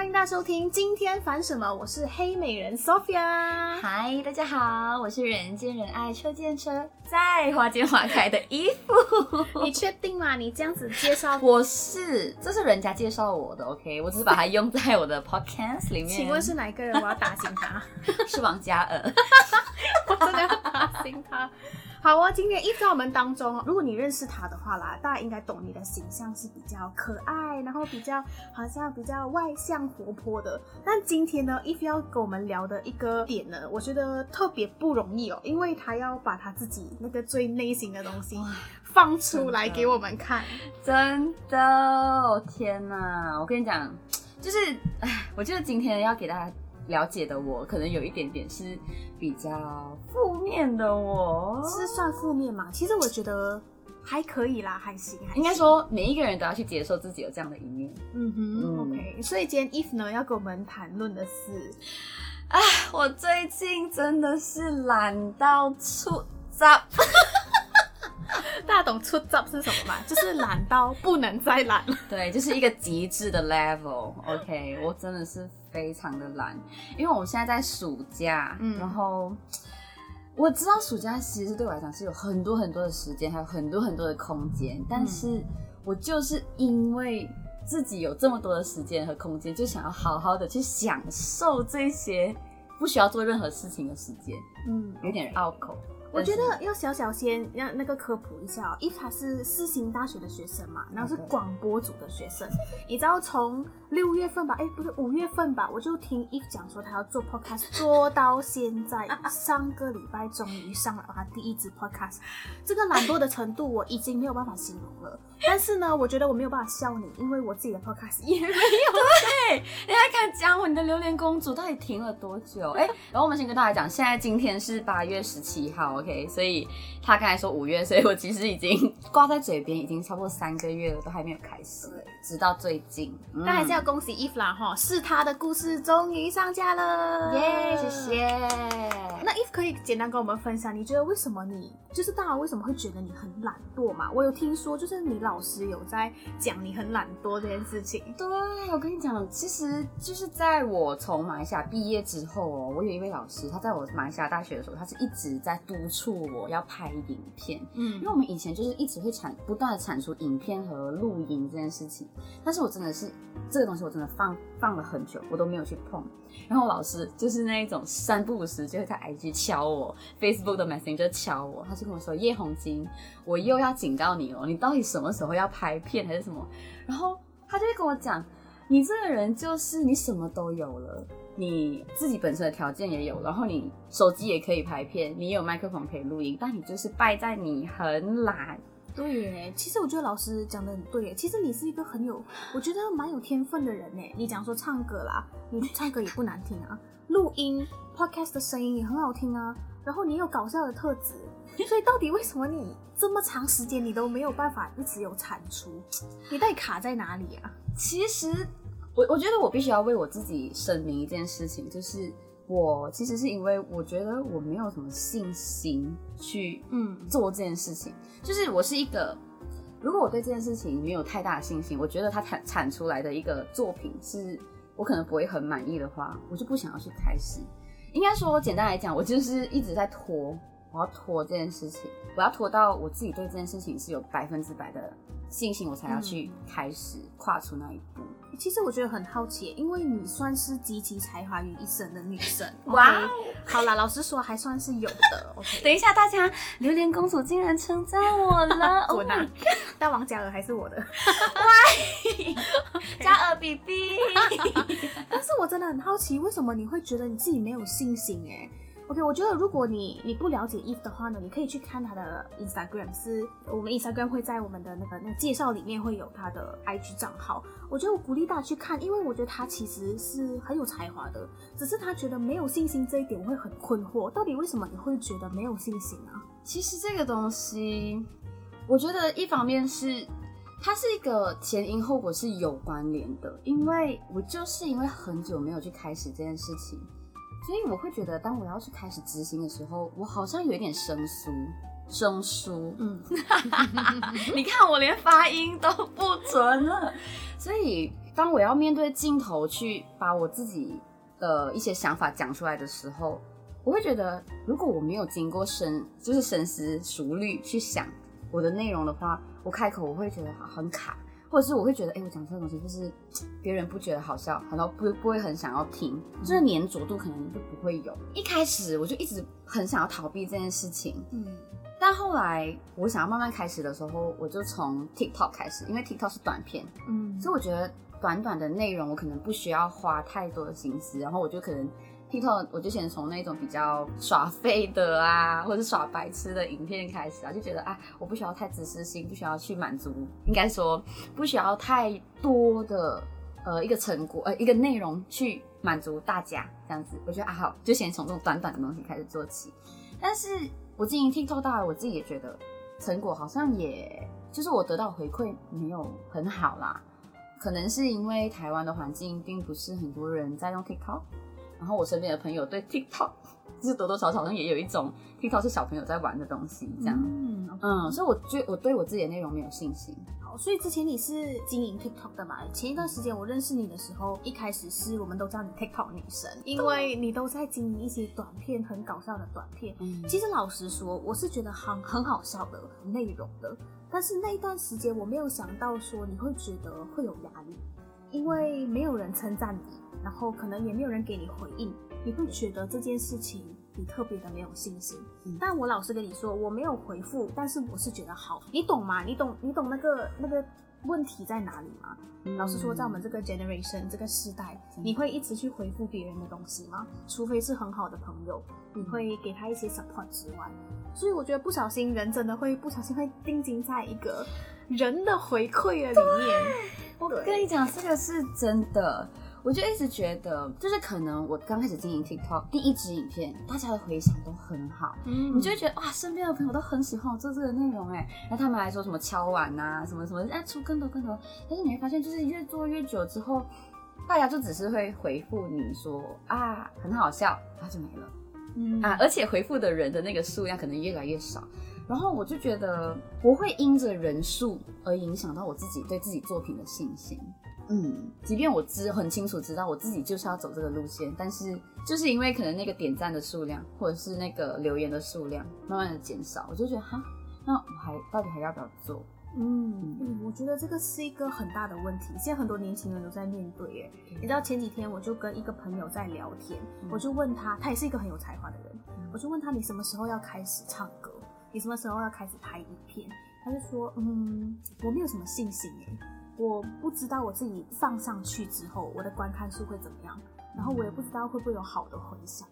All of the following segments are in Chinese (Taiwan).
歡迎大家收聽今天煩什麼？我是黑美人 Sophia。嗨，大家好，我是人見人愛車見車載花見花開的 Eve。 你確定嗎？你這樣子介紹的我是，這是人家介紹我的。OK，我只是把它用在我的 podcast 裡面。 請問是哪個人？我要打醒他。 是王嘉爾。我、呃、 真的要打醒他。好哦，今天 Eve 在我們當中，如果你認識他的話啦，大家應該懂你的形象是比較可愛，然後比較好像比較外向活潑的。但今天呢，Eve 要跟我們聊的一個點呢，我覺得特別不容易哦，因為他要把他自己那個最內心的東西放出來給我們看。真的，真的，天哪！我跟你講，就是，哎，我覺得今天要給大家。了解的我可能有一點點是比較負面的我，我是算負面嗎？其實我覺得還可以啦，還行。還行應該說，每一個人都要去接受自己有這樣的一面。嗯哼嗯，OK。所以今天 Eve 呢要跟我們談論的是，啊，我最近真的是懶到出招。 大家懂出招是什麼嗎？ 就是懶到不能再懶了。對，就是一個極致的 level。 OK，我真的是。非常的懶，因為我現在在暑假，然後我知道暑假其實對我來講是有很多很多的時間，還有很多很多的空間，但是我就是因為自己有這麼多的時間和空間，就想要好好的去享受這些不需要做任何事情的時間，嗯，有點拗口。我覺得要小小先讓那個科普一下哦，Eve 他是世新大學的學生嘛，然後是廣播組的學生。你知道從六月份吧，哎，不是五月份吧，我就聽 Eve 講說他要做 podcast，做到現在、 啊，上個禮拜終於上了他第一支 podcast。 這個懶惰的程度我已經沒有辦法形容了。 但是呢，我覺得我沒有辦法笑你，因為我自己的 podcast 也沒有。對，你還敢講我 你的榴蓮公主到底停了多久？哎，然後我們先跟大家講，現在今天是八月十七號。OK，所以他剛才說五月，所以我其實已經掛在嘴邊，已經超過三個月了，都還沒有開始。直到最近，嗯，但還是要恭喜 Eve 啦哈，是他的故事終於上架了。耶、yeah，謝謝。Yeah. 那 Eve 可以簡單跟我們分享，你覺得為什麼你就是大家為什麼會覺得你很懶惰嘛？我有聽說，就是你老師有在講你很懶惰這件事情。對，我跟你講，其實就是在我從馬來西亞畢業之後哦，我有一位老師，他在我馬來西亞大學的時候，他是一直在讀。促我要拍影片，嗯，因為我們以前就是一直會產不斷的產出影片和錄影這件事情，但是我真的是這個東西，我真的放放了很久，我都沒有去碰。然後老師就是那一種三不五時就會在 IG 敲我，Facebook 的 Messenger 敲我，他就跟我說葉紅金，我又要警告你哦，你到底什麼時候要拍片還是什麼？然後他就會跟我講。你這個人就是你什麼都有了，你自己本身的條件也有，然後你手機也可以拍片，你有麥克風可以錄音，但你就是敗在你很懶。對耶，其實我覺得老師講的很對耶。其實你是一個很有，我覺得蠻有天分的人耶。你講說唱歌啦，你唱歌也不難聽啊，錄音 podcast 的聲音也很好聽啊，然後你有搞笑的特質。所以到底為什麼你這麼長時間你都沒有辦法一直有產出？你到底卡在哪裡啊？其實我我覺得我必須要為我自己聲明一件事情，就是我其實是因為我覺得我沒有什麼信心去嗯，做這件事情，就是我是一個如果我對這件事情沒有太大的信心，我覺得它產產出來的一個作品是我可能不會很滿意的話，我就不想要去開始。應該說簡單來講，我就是一直在拖。我要拖這件事情，我要拖到我自己對這件事情是有百分之百的信心，我才要去開始跨出那一步。嗯、其實我覺得很好奇，欸，因為你算是集齊才華於一身的女神、 okay。哇，好啦，老實說還算是有的。 okay，等一下大家，榴蓮公主竟然稱讚我了。我 哪，oh my God？大 王嘉爾還是我的。乖、 okay.，嘉爾 BB。但是我真的很好奇，為什麼你會覺得你自己沒有信心誒，欸 OK，我覺得如果你你不了解 Eve 的話呢，你可以去看他的 Instagram，是我們 Instagram 會在我們的那個那介紹裡面會有他的 IG 賬號。我覺得我鼓勵大家去看，因為我覺得他其實是很有才華的，只是他覺得沒有信心這一點，我會很困惑，到底為什麼你會覺得沒有信心啊？其實這個東西，我覺得一方面是它是一個前因後果是有關聯的，因為我就是因為很久沒有去開始這件事情。所以我會覺得，當我要去開始執行的時候，我好像有一點生疏，生疏。嗯， 你看我連發音都不準了。 所以當我要面對鏡頭去把我自己的一些想法講出來的時候，我會覺得，如果我沒有經過深，就是深思熟慮去想我的內容的話，我開口我會覺得很卡。或者是我會覺得，哎、欸，我講這個東西，就是別人不覺得好笑，好像不不會很想要聽，就是黏着度可能就不會有。一開始我就一直很想要逃避這件事情，嗯，但後來我想要慢慢開始的時候，我就從 TikTok 開始，因為 TikTok 是短片，嗯，所以我覺得短短的內容我可能不需要花太多的心思，然後我就可能。TikTok，我就想從那種比較耍廢的啊，或者是耍白痴的影片開始啊，就覺得啊，我不需要太自私心，不需要去滿足，應該說不需要太多的呃一個成果呃一個內容去滿足大家這樣子。我覺得啊好，就先從這種短短的東西開始做起。但是我經營 TikTok 到了我自己也覺得成果好像也，就是我得到回饋沒有很好啦，可能是因為台灣的環境並不是很多人在用 TikTok。然後我身邊的朋友對 TikTok 就是多多少少好像也有一種 TikTok 是小朋友在玩的東西這樣，嗯，嗯，所以我覺我對我自己的內容沒有信心。好，所以之前你是經營 TikTok 的嘛？前一段時間我認識你的時候，一開始是我們都叫你 TikTok 女神，因為你都在經營一些短片，很搞笑的短片。嗯，其實老實說，我是覺得很很好笑的內容的，但是那一段時間我沒有想到說你會覺得會有壓力，因為沒有人稱讚你。然後可能也沒有人給你回應，你會覺得這件事情你特別的沒有信心，嗯。但我老實跟你說，我沒有回復，但是我是覺得好，你懂嗎？你懂，你懂那個那個問題在哪裡嗎？嗯、老實說，在我們這個 generation 這個時代，嗯，你會一直去回復別人的東西嗎、嗯？除非是很好的朋友，你會給他一些 support 之外，嗯、所以我覺得不小心人真的會不小心會定睛在一個人的回饋的裡面。我跟你講，這個是真的。我就一直覺得，就是可能我剛開始經營 TikTok 第一支影片，大家的回響都很好，嗯，你就會覺得哇，身邊的朋友都很喜歡我做這個內容，哎，那他們還說什麼敲碗啊，什麼什麼，啊，出更多更多。但是你會發現，就是越做越久之後，大家就只是會回復你說啊，很好笑，然後就沒了，嗯啊，而且回復的人的那個數量可能越來越少。然後我就覺得，不會因着人數而影響到我自己對自己作品的信心。嗯，即便我知很清楚知道我自己就是要走這個路線，但是就是因為可能那個點讚的數量或者是那個留言的數量慢慢的減少，我就覺得哈，那我還到底還要不要做？嗯，嗯，嗯，我覺得這個是一個很大的問題，現在很多年輕人都在面對耶、嗯。你知道前幾天我就跟一個朋友在聊天，嗯、我就問他，他也是一個很有才華的人、嗯，我就問他你什麼時候要開始唱歌？你什麼時候要開始拍影片？他就說，嗯，我沒有什麼信心耶。我不知道我自己放上去之後，我的觀看數會怎麼樣，然後我也不知道會不會有好的回響，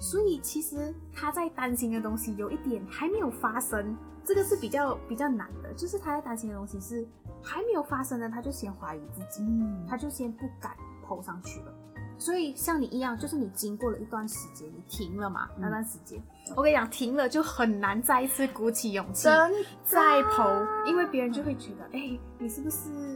所以其實他在擔心的東西有一點還沒有發生，這個是比較比較難的，就是他在擔心的東西是還沒有發生的，他就先懷疑自己，他就先不敢 po 上去了。所以像你一樣，就是你經過了一段時間，你停了嘛？那段時間、嗯，我跟你講，停了就很難再一次鼓起勇氣再 po，因為別人就會覺得，哎、欸，你是不是？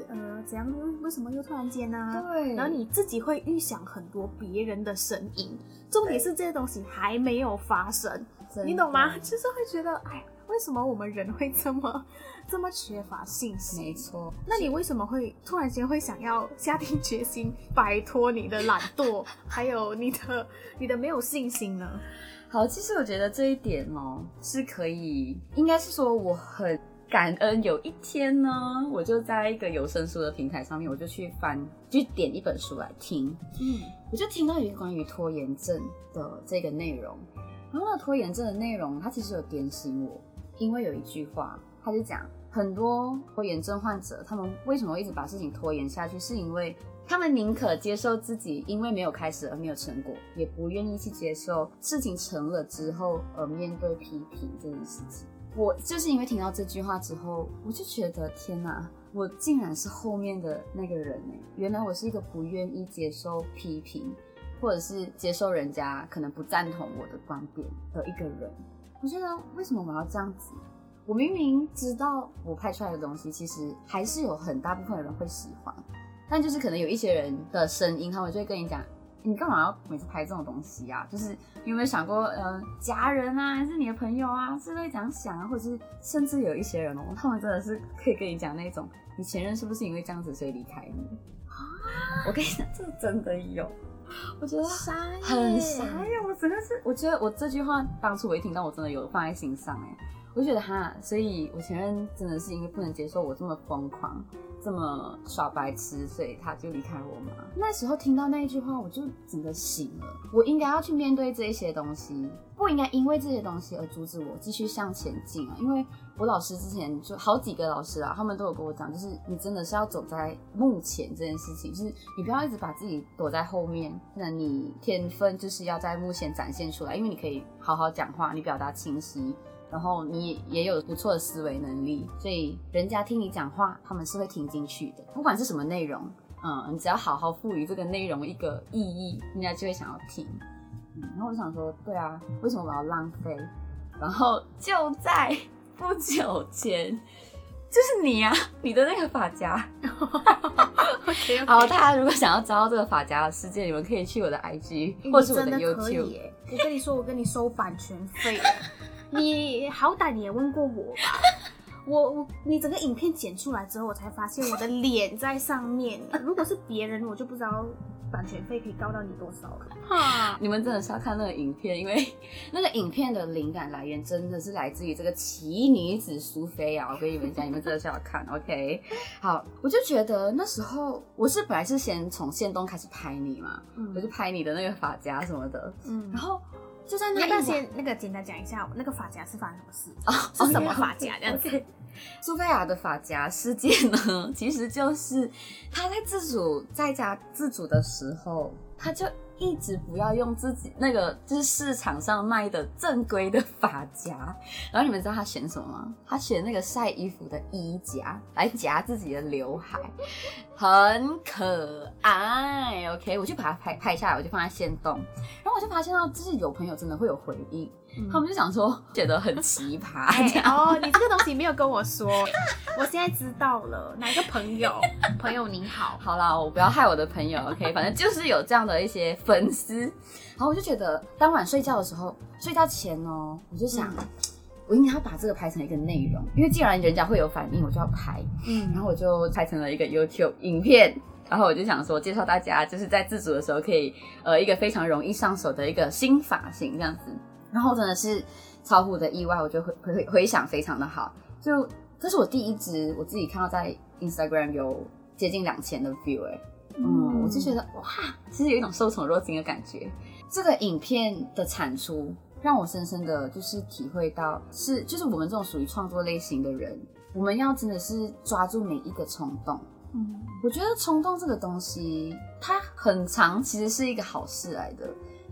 怎樣、嗯？為什麼又突然間呢、啊？對，然後你自己會預想很多別人的聲音，重點是這些東西還沒有發生，你懂嗎？就是會覺得，哎，為什麼我們人會這麼這麼缺乏信心？沒錯。那你為什麼會突然間會想要下定決心擺脫你的懶惰， 還有你的你的沒有信心呢？好，其實我覺得這一點哦、喔，是可以，應該是說我很。感恩有一天呢，我就在一個有聲書的平台上面，我就去翻，就點一本書來聽。嗯，我就聽到一個關於拖延症的這個內容，然後那個拖延症的內容，它其實有點醒我，因為有一句話，他就講很多拖延症患者，他們為什麼一直把事情拖延下去，是因為他們寧可接受自己因為沒有開始而沒有成果，也不願意去接受事情成了之後而面對批評這件事情。我就是因為聽到這句話之後，我就覺得天哪，我竟然是後面的那個人欸！原來我是一個不願意接受批評，或者是接受人家可能不贊同我的觀點的一個人。我覺得為什麼我要這樣子？我明明知道我拍出來的東西其實還是有很大部分的人會喜歡，但就是可能有一些人的聲音，他們就會跟你講。你幹嘛要每次拍這種東西啊？就是你有沒有想過，嗯、呃，家人啊，還是你的朋友啊，是不是會這樣想啊？或者是甚至有一些人哦，他們真的是可以跟你講那種，你前任是不是因為這樣子所以離開你？我跟你講，這真的有，我覺得很傻呀，欸欸！我真的是，我覺得我這句話當初我一聽到，我真的有放在心上哎，欸，我就覺得哈，所以我前任真的是因為不能接受我這麼瘋狂。這麼耍白痴，所以他就離開我嘛。那時候聽到那一句話，我就整個醒了。我應該要去面對這些東西，不應該因為這些東西而阻止我繼續向前進啊。因為我老師之前就好幾個老師啊，他們都有跟我講，就是你真的是要走在幕前這件事情，就是你不要一直把自己躲在後面。那你天分就是要在幕前展現出來，因為你可以好好講話，你表達清晰。然後你也有不錯的思維能力，所以人家聽你講話，他們是會聽進去的，不管是什麼內容，嗯，你只要好好賦予這個內容一個意義，人家就會想要聽。嗯，然後我想說，對啊，為什麼我要浪費？然後就在不久前，就是你呀、啊，你的那個髮夾。 okay, okay. 好，大家如果想要找到這個髮夾的世界，你們可以去我的 IG，欸、或是我的 YouTube。真的可以欸，我跟你說，我跟你收版權費。 你好歹你也問過我吧，我我你整個影片剪出來之後，我才發現我的臉在上面。如果是別人，我就不知道版權費可以高到你多少了。哈，你們真的是要看那個影片，因為那個影片的靈感來源真的是來自於這個奇女子蘇菲亞。我跟你們講，你們真的是要看。 OK，好，我就覺得那時候我是本來是先從限動開始拍你嘛，嗯、我就拍你的那個髮夾什麼的，嗯，然後。就在那先那個簡單講一下，啊、那個髮夾是發生什麼事？哦、是什麼髮夾？這樣子，蘇菲亞的髮夾事件呢，其實就是她在自主在家自主的時候，她就。一直不要用自己那個，就是市場上賣的正規的髮夾。然後你們知道他選什麼嗎？他選那個曬衣服的衣夾來夾自己的劉海，很可愛。OK，我就把它拍拍下來，我就放在限動。然後我就發現到，就是有朋友真的會有回應，嗯、他們就想說，覺得很奇葩、哎。哦，你這個東西沒有跟我說。 我現在知道了，哪個朋友？ 朋友你好，好啦，我不要害我的朋友，OK？反正就是有這樣的一些粉絲，然 後我就覺得當晚睡覺的時候，睡覺前哦、喔，我就想，嗯、我應該要把這個拍成一個內容，因為既然人家會有反應，我就要拍，嗯，然後我就拍成了一個 YouTube 影片，然後我就想說，介紹大家就是在自主的時候可以，呃，一個非常容易上手的一個新髮型這樣子，然後真的是超乎我的意外，我就回回回想非常的好，就。可是我第一支我自己看到在 Instagram 有接近兩千的 view 哎、欸嗯，嗯，我就覺得哇，其實有一種受寵若驚的感覺。這個影片的產出讓我深深的就是體會到是，是就是我們這種屬於創作類型的人，我們要真的是抓住每一個衝動。嗯，我覺得衝動這個東西，它很常，其實是一個好事來的。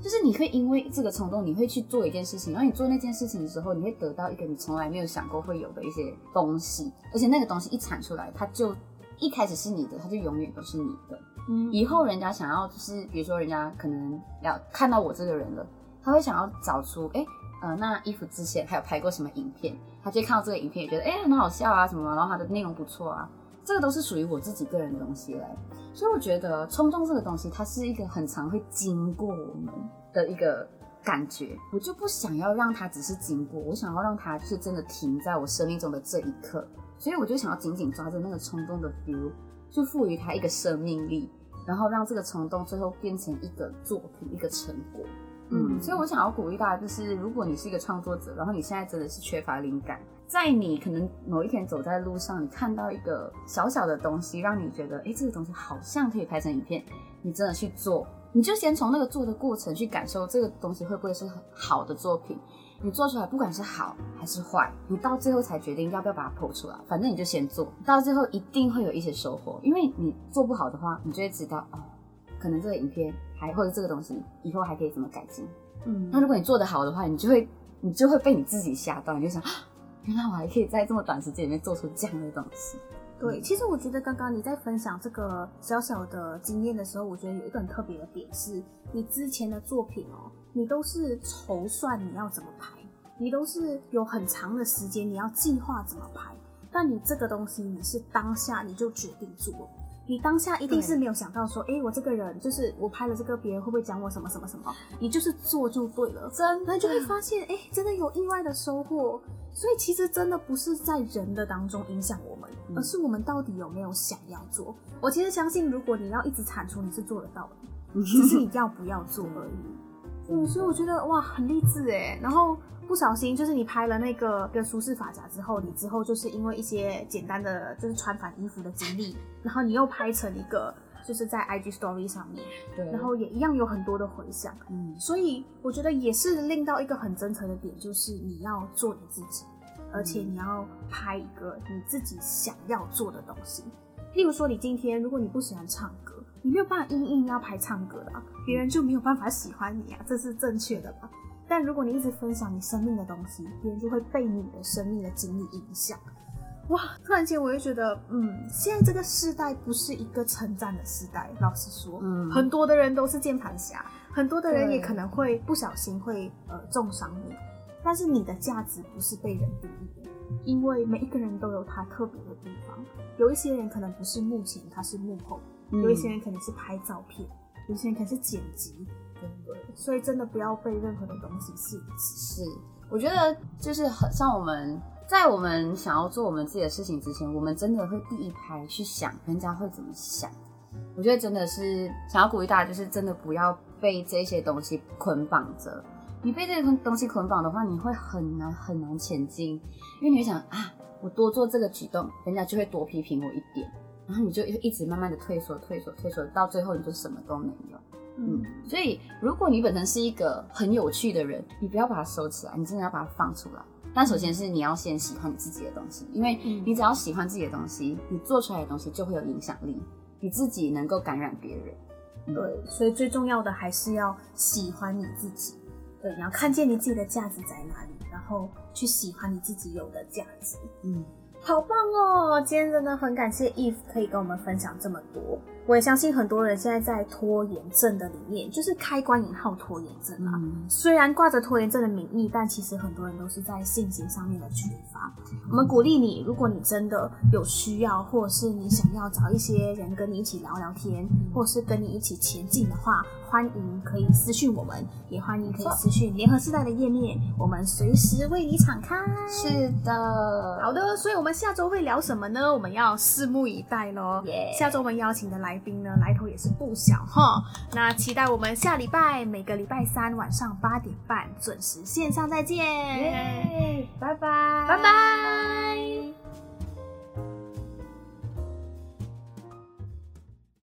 就是你會因為這個衝動，你會去做一件事情，然後你做那件事情的時候，你會得到一個你從來沒有想過會有的一些東西，而且那個東西一產出來，它就一開始是你的，它就永遠都是你的。嗯，以後人家想要，就是比如說人家可能要看到我這個人了，他會想要找出，哎，呃，那 Eve 之前還有拍過什麼影片，他就看到這個影片也覺得，哎，很好笑啊什麼啊，然後他的內容不錯啊。這個都是屬於我自己個人的東西來，所以我覺得衝動這個東西，它是一個很常會經過我們的一個感覺，我就不想要讓它只是經過，我想要讓它是真的停在我生命中的這一刻，所以我就想要緊緊抓着那個衝動的 feel，去賦予它一個生命力，然後讓這個衝動最後變成一個作品，一個成果。嗯，所以我想要鼓勵大家，就是如果你是一個創作者，然後你現在真的是缺乏靈感。在你可能某一天走在路上，你看到一個小小的東西，讓你覺得，誒，這個東西好像可以拍成影片。你真的去做，你就先從那個做的過程去感受這個東西會不會是很好的作品。你做出來不管是好還是壞，你到最後才決定要不要把它 po 出來。反正你就先做，到最後一定會有一些收穫。因為你做不好的話，你就會知道，哦，可能這個影片還或者這個東西以後還可以怎麼改進。嗯，那如果你做得好的話，你就會你就會被你自己嚇到，你就想。那我還可以在這麼短時間裡面做出這樣的東西。對，其實我覺得剛剛你在分享這個小小的經驗的時候，我覺得有一個很特別的點是，是你之前的作品哦、喔，你都是籌算你要怎麼拍，你都是有很長的時間你要計劃怎麼拍，但你這個東西你是當下你就決定做了。你當下一定是沒有想到說，誒、欸，我這個人就是我拍了這個，別人會不會講我什麼什麼什麼？你就是做就對了，真的，那你就會發現，誒、欸，真的有意外的收穫。所以其實真的不是在人的當中影響我們，而是我們到底有沒有想要做。我其實相信，如果你要一直產出，你是做得到的，只是你要不要做而已。 嗯，所以我覺得哇，很勵志哎。然後不小心，就是你拍了那個跟舒適髮夾之後，你之後就是因為一些簡單的，就是穿反衣服的經歷，然後你又拍成一個，就是在 IG Story 上面，對。然後也一樣有很多的回響。嗯，所以我覺得也是令到一個很真誠的點，就是你要做你自己，而且你要拍一個你自己想要做的東西。例如說，你今天如果你不喜歡唱歌。你沒有辦法硬硬要排唱歌的，別人就沒有辦法喜歡你啊，這是正確的吧？但如果你一直分享你生命的東西，別人就會被你的生命的經歷影響。哇，突然間我就覺得，嗯，現在這個時代不是一個稱讚的時代。老實說，嗯，很多的人都是鍵盤俠，很多的人也可能會不小心會呃重傷你。但是你的價值不是被人定義，因為每一個人都有他特別的地方。有一些人可能不是幕前，他是幕後。有一些人肯定是拍照片，有、嗯、些人可能是剪輯，真的。所以真的不要被任何的東西限制。是是，我覺得就是像我們，在我們想要做我們自己的事情之前，我們真的會第一拍去想人家會怎麼想。我覺得真的是想要鼓勵大家，就是真的不要被這些東西捆綁着。你被這些東西捆綁的話，你會很難很難前進，因為你會想啊，我多做這個舉動，人家就會多批評我一點。然後你就一直慢慢的退縮，退縮，退縮，到最後你就什麼都沒有，嗯。嗯，所以如果你本身是一個很有趣的人，你不要把它收起來，你真的要把它放出來。但首先是你要先喜歡你自己的東西，因為你只要喜歡自己的東西，你做出來的東西就會有影響力，你自己能夠感染別人，嗯。對，所以最重要的還是要喜歡你自己。對，你要看見你自己的價值在哪裡，然後去喜歡你自己有的價值。嗯。好棒哦！今天真的很感謝 Eve 可以跟我們分享這麼多。我也相信很多人現在在拖延症的裡面，就是開關引號拖延症啊，嗯、雖然掛着拖延症的名義，但其實很多人都是在信心上面的缺乏。我們鼓勵你，如果你真的有需要，或是你想要找一些人跟你一起聊聊天，嗯、或是跟你一起前進的話，歡迎可以私信我們，也歡迎可以私信聯合世代的頁面，我們隨時為你敞開。是的，好的，所以我們下周會聊什麼呢？我們要拭目以待咯耶、yeah。下周我們邀請的來。來賓呢，來頭也是不小哈，那期待我們下禮拜，每個禮拜三晚上八點半準時線上再見，拜拜拜拜。